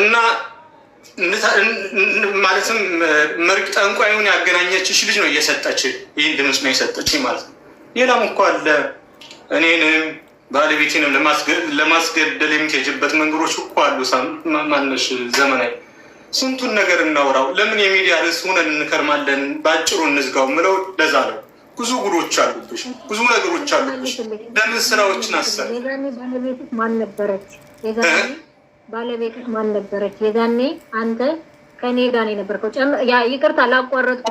እና ማለትም መርቅ ጠንቋዩን ያገናኘችሽ ልጅ ነው እየሰጠች ይህን ድምፅ ነው የሰጠች ማለት ነው። ሌላም እኮ አለ። እኔንም ባለቤቴንም ለማስገደል የምትሄጅበት መንገዶች እኮ አሉ። ማነሽ ዘመናዊ ስንቱን ነገር እናውራው። ለምን የሚዲያ ርዕስ ሆነን እንከርማለን? በአጭሩ እንዝጋው ምለው ለዛ ነው። ብዙ ጉዶች አሉብሽ፣ ብዙ ነገሮች አሉብሽ። ለምን ስራዎችን አሰር ማን ነበረች ባለቤትህ ማን ነበረች? የዛኔ አንተ ከኔ ጋር ነው የነበርከው። ይቅርታ ላቋረጥኩ፣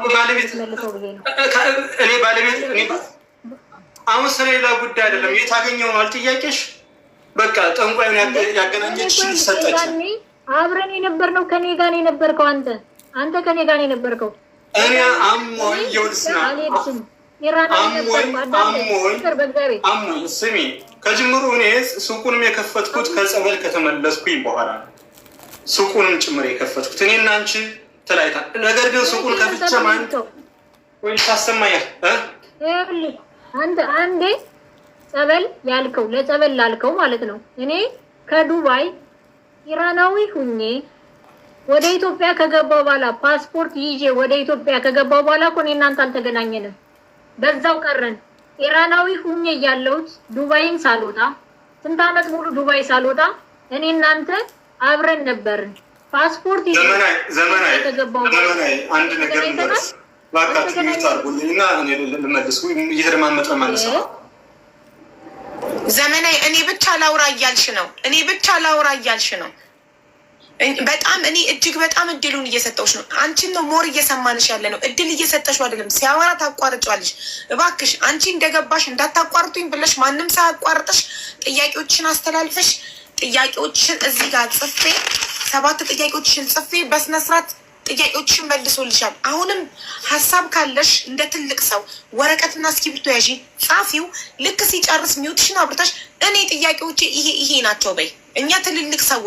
መልሰው ብዬ ነው እኔ ባለቤት። አሁን ስለሌላ ጉዳይ አይደለም። የታገኘው አገኘው ነው አልጥያቄሽ። በቃ ጠንቋይ ያገናኘች ሰጠች። አብረን ነው ከኔ ጋር ነው የነበርከው አንተ አንተ ከኔ ጋር ነው የነበርከው። እኔ አሞኝ የውልስና አሞኝ ስሚ፣ ከጅምሩ እኔ ሱቁንም የከፈትኩት ከጸበል ከተመለስኩኝ በኋላ ነው። ሱቁንም ጭምር የከፈትኩት አንቺ ተለያይታ፣ ነገር ግን ሱቁን ከፍቼ ማን ወይ ታሰማኛል። አንዴ ጸበል ያልከው ለጸበል ላልከው ማለት ነው። እኔ ከዱባይ ኢራናዊ ሁኜ ወደ ኢትዮጵያ ከገባው በኋላ ፓስፖርት ይዤ ወደ ኢትዮጵያ ከገባው በኋላ እኮ እኔ እናንተ አልተገናኘንም። በዛው ቀረን። ኢራናዊ ሁኜ ያለሁት ዱባይን ሳልወጣ ስንት ዓመት ሙሉ ዱባይ ሳልወጣ እኔ እናንተ አብረን ነበርን። ፓስፖርት ዘመናዊ አንድ ነገር ልመልስ እየተደማመጠ ማለት ነው። ዘመናዊ እኔ ብቻ ላውራ እያልሽ ነው። እኔ ብቻ ላውራ እያልሽ ነው። በጣም እኔ እጅግ በጣም እድሉን እየሰጠውሽ ነው። አንቺን ነው ሞር እየሰማንሽ ያለ ነው። እድል እየሰጠሽ አይደለም። ሲያወራ ታቋርጫለሽ። እባክሽ አንቺ እንደገባሽ እንዳታቋርጡኝ ብለሽ ማንም ሳያቋርጥሽ ጥያቄዎችን አስተላልፈሽ ጥያቄዎችን እዚህ ጋር ጽፌ ሰባት ጥያቄዎችን ጽፌ በስነስርዓት ጥያቄዎችን መልሶልሻል። አሁንም ሀሳብ ካለሽ እንደ ትልቅ ሰው ወረቀትና እስክሪብቶ ያዥ፣ ጻፊው። ልክ ሲጨርስ ሚውትሽን አብርታሽ እኔ ጥያቄዎች ይሄ ይሄ ናቸው በይ። እኛ ትልልቅ ሰው